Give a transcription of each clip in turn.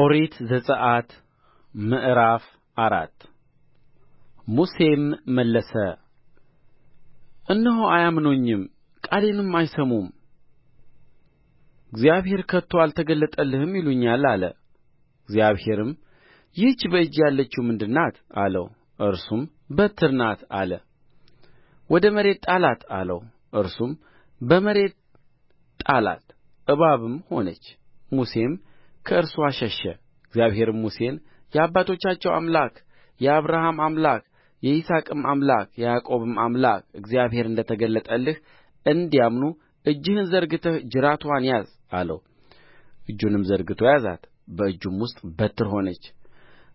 ኦሪት ዘጽአት ምዕራፍ አራት ሙሴም መለሰ እነሆ አያምኑኝም ቃሌንም አይሰሙም እግዚአብሔር ከቶ አልተገለጠልህም ይሉኛል አለ እግዚአብሔርም ይህች በእጅህ ያለችው ምንድር ናት አለው እርሱም በትር ናት አለ ወደ መሬት ጣላት አለው እርሱም በመሬት ጣላት እባብም ሆነች ሙሴም ከእርስዋ ሸሸ እግዚአብሔርም ሙሴን የአባቶቻቸው አምላክ የአብርሃም አምላክ የይስሐቅም አምላክ የያዕቆብም አምላክ እግዚአብሔር እንደ ተገለጠልህ እንዲያምኑ እጅህን ዘርግተህ ጅራትዋን ያዝ አለው እጁንም ዘርግቶ ያዛት በእጁም ውስጥ በትር ሆነች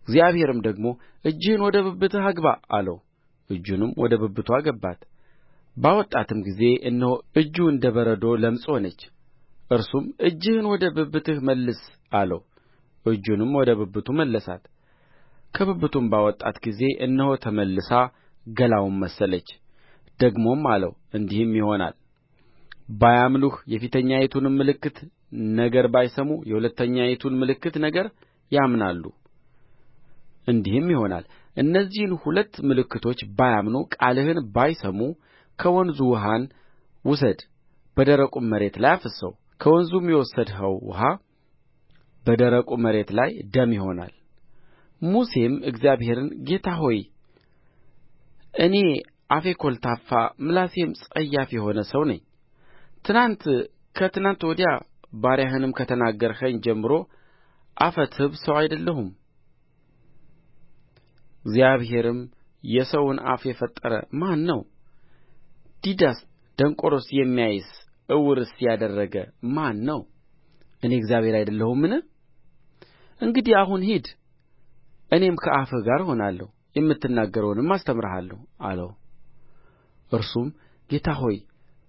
እግዚአብሔርም ደግሞ እጅህን ወደ ብብትህ አግባ አለው እጁንም ወደ ብብቱ አገባት ባወጣትም ጊዜ እነሆ እጁ እንደ በረዶ ለምጽ ሆነች እርሱም እጅህን ወደ ብብትህ መልስ አለው እጁንም ወደ ብብቱ መለሳት ከብብቱም ባወጣት ጊዜ እነሆ ተመልሳ ገላውን መሰለች ደግሞም አለው እንዲህም ይሆናል ባያምኑህ የፊተኛይቱንም ምልክት ነገር ባይሰሙ የሁለተኛይቱን ምልክት ነገር ያምናሉ እንዲህም ይሆናል እነዚህን ሁለት ምልክቶች ባያምኑ ቃልህን ባይሰሙ ከወንዙ ውኃን ውሰድ በደረቁም መሬት ላይ አፍስሰው ከወንዙም የወሰድኸው ውኃ በደረቁ መሬት ላይ ደም ይሆናል ሙሴም እግዚአብሔርን ጌታ ሆይ እኔ አፌ ኰልታፋ ምላሴም ጸያፍ የሆነ ሰው ነኝ ትናንት ከትናንት ወዲያ ባሪያህንም ከተናገርኸኝ ጀምሮ አፈ ትብ ሰው አይደለሁም እግዚአብሔርም የሰውን አፍ የፈጠረ ማን ነው ዲዳስ ደንቆሮስ የሚያይስ ዕውርስ ያደረገ ማን ነው እኔ እግዚአብሔር አይደለሁምን እንግዲህ አሁን ሂድ እኔም ከአፍህ ጋር እሆናለሁ የምትናገረውንም አስተምርሃለሁ አለው እርሱም ጌታ ሆይ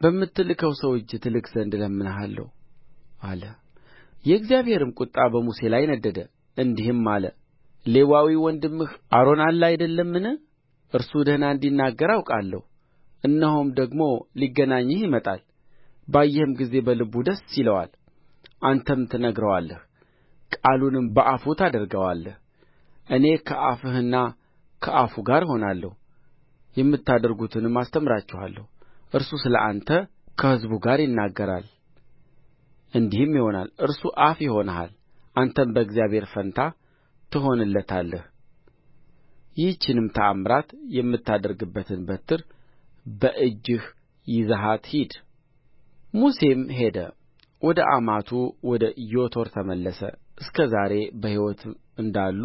በምትልከው ሰው እጅ ትልክ ዘንድ እለምንሃለሁ አለ የእግዚአብሔርም ቍጣ በሙሴ ላይ ነደደ እንዲህም አለ ሌዋዊ ወንድምህ አሮን አለ አይደለምን እርሱ ደህና እንዲናገር አውቃለሁ እነሆም ደግሞ ሊገናኝህ ይመጣል ባየህም ጊዜ በልቡ ደስ ይለዋል አንተም ትነግረዋለህ ቃሉንም በአፉ ታደርገዋለህ እኔ ከአፍህና ከአፉ ጋር እሆናለሁ የምታደርጉትንም አስተምራችኋለሁ እርሱ ስለ አንተ ከሕዝቡ ጋር ይናገራል እንዲህም ይሆናል እርሱ አፍ ይሆንልሃል አንተም በእግዚአብሔር ፋንታ ትሆንለታለህ ይህችንም ተአምራት የምታደርግበትን በትር በእጅህ ይዘሃት ሂድ ሙሴም ሄደ ወደ አማቱ ወደ ዮቶር ተመለሰ እስከ ዛሬ በሕይወት እንዳሉ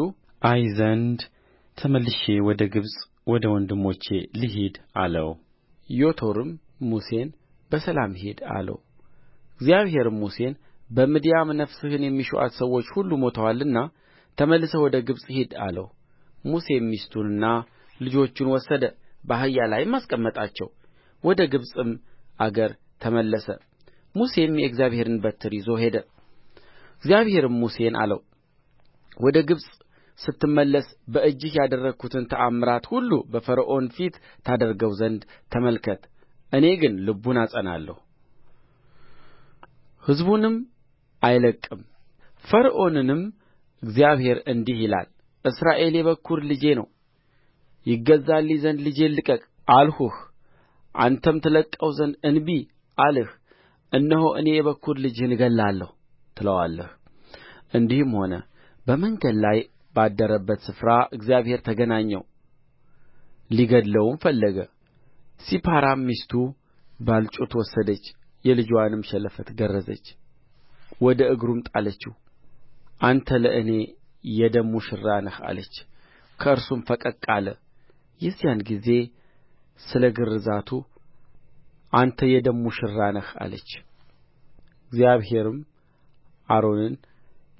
አይ ዘንድ ተመልሼ ወደ ግብፅ ወደ ወንድሞቼ ልሂድ አለው ዮቶርም ሙሴን በሰላም ሂድ አለው እግዚአብሔርም ሙሴን በምድያም ነፍስህን የሚሹአት ሰዎች ሁሉ ሞተዋልና ተመልሰህ ወደ ግብፅ ሂድ አለው ሙሴም ሚስቱንና ልጆቹን ወሰደ በአህያ ላይም አስቀመጣቸው ወደ ግብፅም አገር ተመለሰ ሙሴም የእግዚአብሔርን በትር ይዞ ሄደ እግዚአብሔርም ሙሴን አለው ወደ ግብፅ ስትመለስ በእጅህ ያደረግሁትን ተአምራት ሁሉ በፈርዖን ፊት ታደርገው ዘንድ ተመልከት እኔ ግን ልቡን አጸናለሁ ሕዝቡንም አይለቅም! ፈርዖንንም እግዚአብሔር እንዲህ ይላል እስራኤል የበኵር ልጄ ነው ይገዛልኝ ዘንድ ልጄን ልቀቅ አልሁህ አንተም ትለቅቀው ዘንድ እንቢ አልህ እነሆ እኔ የበኵር ልጅህን እገድላለሁ ትለዋለህ እንዲህም ሆነ በመንገድ ላይ ባደረበት ስፍራ እግዚአብሔር ተገናኘው ሊገድለውም ፈለገ ሲፓራም ሚስቱ ባልጩት ወሰደች የልጅዋንም ሸለፈት ገረዘች ወደ እግሩም ጣለችው አንተ ለእኔ የደም ሙሽራ ነህ አለች ከእርሱም ፈቀቅ አለ የዚያን ጊዜ ስለ ግርዛቱ አንተ የደም ሙሽራ ነህ አለች እግዚአብሔርም አሮንን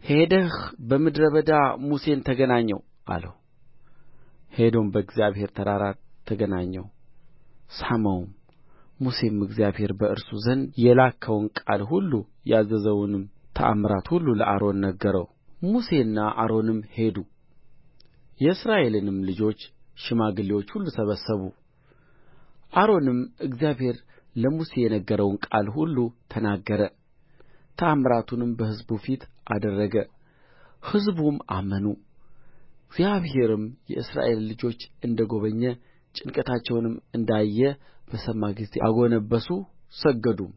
ሄደህ በምድረ በዳ ሙሴን ተገናኘው አለው ሄዶም በእግዚአብሔር ተራራ ተገናኘው ሳመውም ሙሴም እግዚአብሔር በእርሱ ዘንድ የላከውን ቃል ሁሉ ያዘዘውንም ተአምራት ሁሉ ለአሮን ነገረው ሙሴና አሮንም ሄዱ የእስራኤልንም ልጆች ሽማግሌዎች ሁሉ ሰበሰቡ አሮንም እግዚአብሔር ለሙሴ የነገረውን ቃል ሁሉ ተናገረ ተአምራቱንም በሕዝቡ ፊት አደረገ ሕዝቡም አመኑ እግዚአብሔርም የእስራኤልን ልጆች እንደ ጐበኘ ጭንቀታቸውንም እንዳየ በሰማ ጊዜ አጎነበሱ ሰገዱም